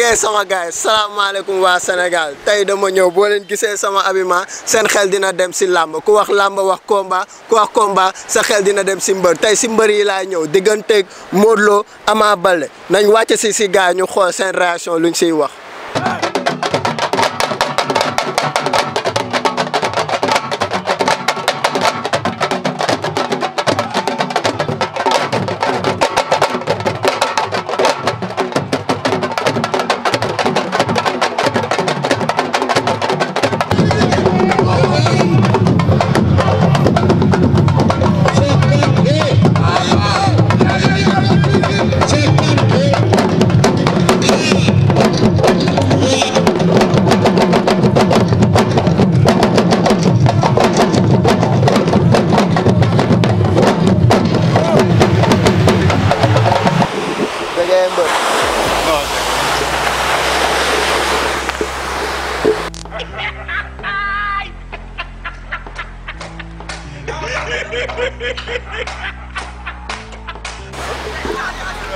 bëggee sama gars yi salaamaaleykum waa Sénégal tey dama ñëw boo leen gisee sama abima seen xel dina dem si làmb ku wax làmb wax komba ku wax combat sa xel dina dem si mbër tey si mbër yi laay ñëw digganteeg Modou Lo Ama Baldé nañ wàcc si si gars ñu xool seen réaction luñ siy wax.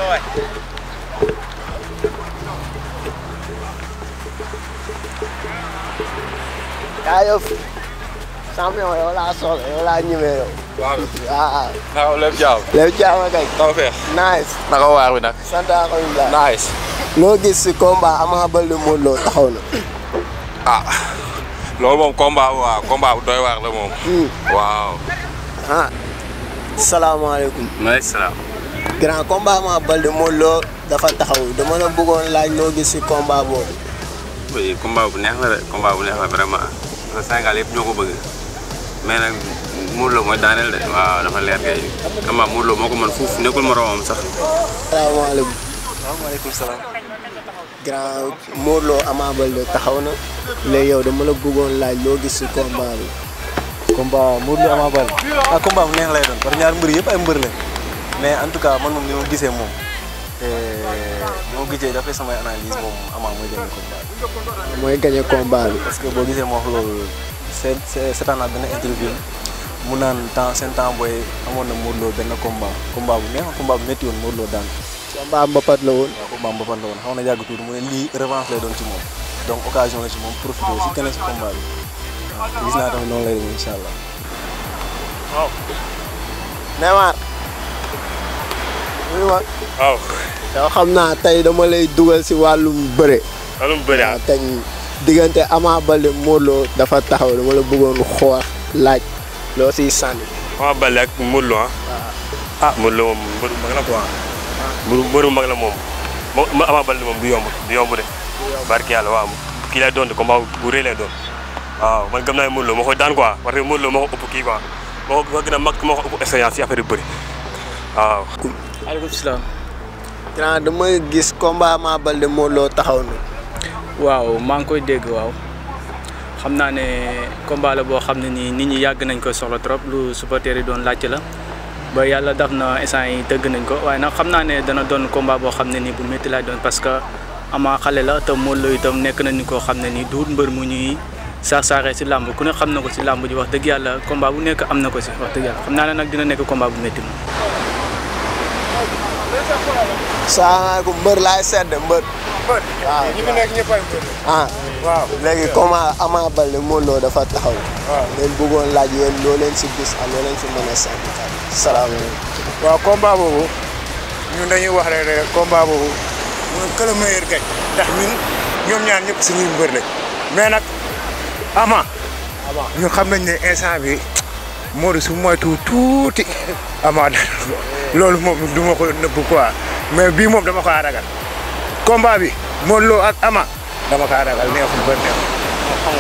rồi Kayıp. Sanmıyorum öyle sol öyle như vậy rồi. waaw waaw. jaam. lépp jaam ak kay. naka waar bi nag. sant alhamdulilah. nice. noo gis si combat Ama Baldé Modou Lô taxaw na. ah loolu moom combat waaw combat bu doy waar la moom. waaw. ah mm. salaamaaleykum. maaleykum grand combat Ama Baldé Modou Lo dafa taxaw dama la bëggoon laaj loo gis si combat boobu. oui combat bu neex la rek combat bu neex la vraiment parce que Sénégal yëpp ñoo ko bëgg mais nag Modou Lo mooy daaneel de waaw dafa leer kay combat Modou Lo moo ko mën fuuf nekkul moroomam sax. salaamaaleykum. waaleykum salaam. grand Modou Lo Ama Baldé taxaw na léegi yow dama la bëggoon laaj loo gis si combat bi. combat Modou Lo Ama Baldé ah combat bu neex lay doon parce que ñaar mbër yëpp ay mbër lañ. mais en tout cas man moom ni ma gisee moom moo gisee dafay samay analyse moom Ama mooy gagné combat bi. mooy gagné combat bi. parce que boo gisee moo wax loolu seen seetaan naa benn interview mu naan temps seen temps booy amoon na Modou Lo benn combat combat bu neex combat bu métti woon Modou Lo daan. combat mbapat la woon. waaw combat mbapat la woon xaw na yàgg tuuti mu ne lii revanche lay doon ci moom donc occasion la ci moom profité si keneen si combat bi waaw gis naa tamit noonu lay demee incha waaw. yow xam naa tey dama lay dugal si wàllum bëre. wàllum bëre ah diggante Ama Baldé Modou dafa taxaw dama la bëggoon xoox laaj loo siy sànni. Ama Baldé ak Modou Lo ah. ah Modou Lo moom la moom moom Ama Baldé yomb du yomb de. barke yàlla waaw kii lay doon de combat bu rëy lay doon. waaw man gëm naa ne moo koy daan quoi parce que moo ko ëpp kii quoi moo ko gën a mag moo ko ëpp expérience yi affaire yu bëri waaw. maaleykum salaam. grand dama gis combat Ama Baldé Modou taxaw na. waaw maa ngi koy dégg waaw xam naa ne combat la boo xam ne nii nit ñi yàgg nañ koy soxla trop lu supporter doon laajte la ba yàlla daf na instant yi tëgg nañ ko waaye nag xam naa ne dana doon combat boo xam ne nii bu métti laay doon parce que Ama xale la tam Modou Lo itam nekk nañu koo xam ne nii duur mbër mu ñuy. saax saaxee si làmb ku ne xam na ko si làmb ji wax dëgg yàlla combat bu nekk am na ko si wax dëgg yàlla xam naa ne nag dina nekk combat bu métti moom salaamaaleykum mbër laay sedd mbër. mbër waaw ñi fi nekk ñëpp ay mbër. ah waaw léegi comment Ama Baldé Modou dafa taxaw. waaw leen laaj yéen loo leen si gis ak loo leen si mën a sant. salaamaaleykum. waaw combat boobu ñun dañuy wax rek rek combat boobu mooy que le meilleur gagne ndax ñun ñoom ñaar ñëpp mbër lañ mais nag Ama. Ama ñun xam nañ ne instant bi Modou su moytu tuuti Ama dara. loolu moom du ma ko nëbb quoi mais bii moom dama kaa ragal combat bi Modou Lo Ama dama kaa ragal neexul ba neexul.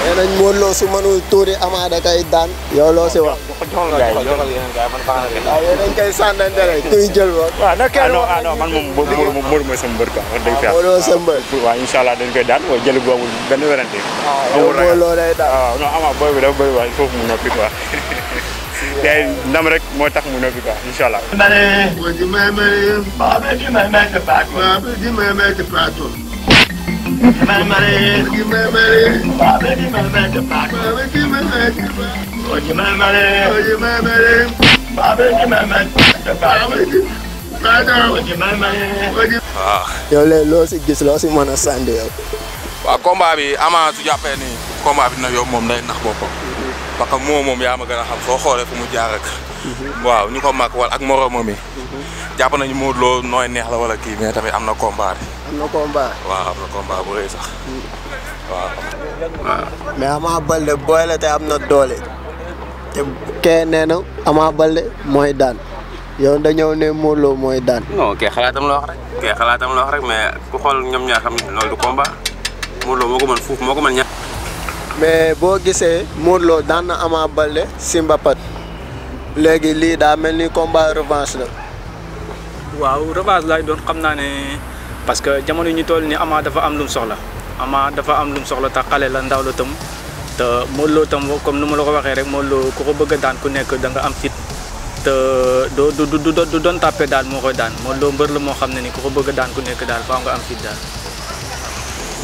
nee nañ Modou Lo su mënul tuuri Ama da kay daan. yow loo si wax. joxal gaay joxal yeneen man a moom Modou mooy sama mbër quoi wax dëgg fi waaw Modou mooy sama mbër. waaw incha allah dañ koy daan mooy jël boobu benn werante. waaw ah, yow Modou Lo day daan ah, te ndam rek moo tax mu nëbbi quoi incha allah. would ah. you marry me? Bob, if you may make it backward. Bob, if you may make it backward. Would you marry me? Would you marry me? Bob, if you may make it backward. Bob, if you may make it backward. Would you marry me? Would you marry me? Bob, if you may make it backward. waaw. yow léegi loo si gis loo si mën a sànni yow. waaw combat bi Ama su jàppee nii. combat bi dina yomb moom day nax boppam. parce que moo moom yaa ma gën a xam soo xoolee fu mu jaar waaw ñu ko mag wala ak moromam yi. jàpp nañu Modou Lo nooy neex la wala kii mais tamit am na combat bi. am na combat. waaw am na combat bu rëy sax. waaw. waaw mais Ama Baldé booy la te am na doole. te kee nee na Ama Baldé mooy daan. yow da ñëw ne Modou Lo mooy daan. non xalaatam la wax rek. loolu moo ko mën fuuf moo ko mën mais boo gisee Modou Lo daan na Ama Baldé si mbapat léegi lii daa mel ni combat revanche la. waaw revanche laay doon xam naa ne parce que jamono ñu toll ni Ama dafa am lu soxla Ama dafa am lu mu soxla te xale la ndaw la tam te Modou Lo tam comme nu ma la ko waxee rek Modou Lo ku ko bëgg a daan ku nekk da nga am fit te doo du du doon tàppe daal moo koy daan Modou Lo mbër la moo xam ne ni ku ko bëgg a daan ku nekk daal faaw nga am fit daal.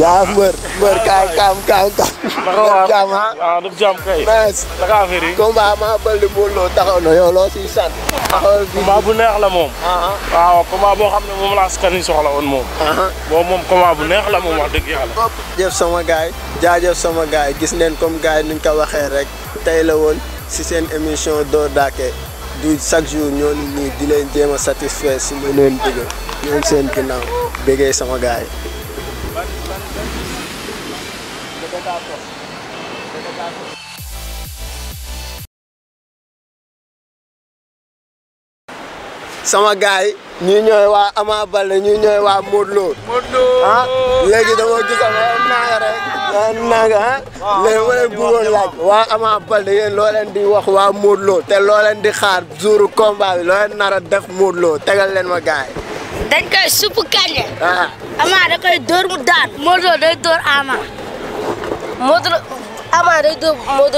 yaa mbër mbër kaay kaam kaam kaam. waaw jaam ah waaw daf jaam kay. mais naka affaire yi. combat Ama Baldé Modou Lô taxaw na yow loo siy sant. taxawal fii combat bu neex la moom. waaw combat boo xam ne moom laa askan wi soxla woon moom. boobu moom combat bu neex la moom wax dëgg yàlla. jëf sama gars yi jaajëf sama gars yi gis neen comme gars yi nuñ ko waxee rek tey la woon si seen émission Doo Daké du chaque jour ñooñu nii di leen jéem a satisfaire si lu leen bëgg ñoom seen ginnaaw bëggee sama gars yi. sama gars yi ñii ñooy waa Ama Baldé ñii ñooy waa Modou ah, léegi dama gisoon ah. waa Ama Baldé yéen loo leen di wax waa Modou te loo leen di xaar jouru combat bi loo leen nar a def Modou leen ma gars dañ koy supp kañe. Ah. Ama da koy dóor mu daan. Modou day dóor Ama. Modou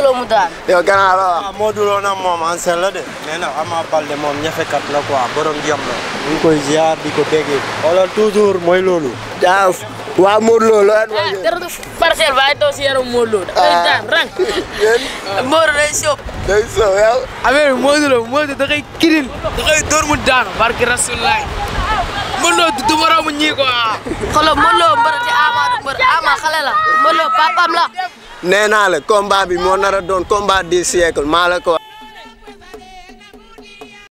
Lo mu daan. yow gannaaw la waaw ah, Modou Lo moom ancien la de. mais nag Ama Baldé moom ñafekat la quoi ngi koy ziar di ko déggee. xoolal toujours mooy loolu. daaw waa Modou Lo la. ah dara parcelle ba ay taw si yaram Modou ah. daan rang. yéen Modou day soob. day soob mu daan barki Rasulullah. Modou Lo du moromu ñii quoi. xoolal Modou Lo mbër te Ama du mbër Ama xale la Modou Lo papam la. nee naa la combat bi moo nar a doon combat du siècle maa la ko.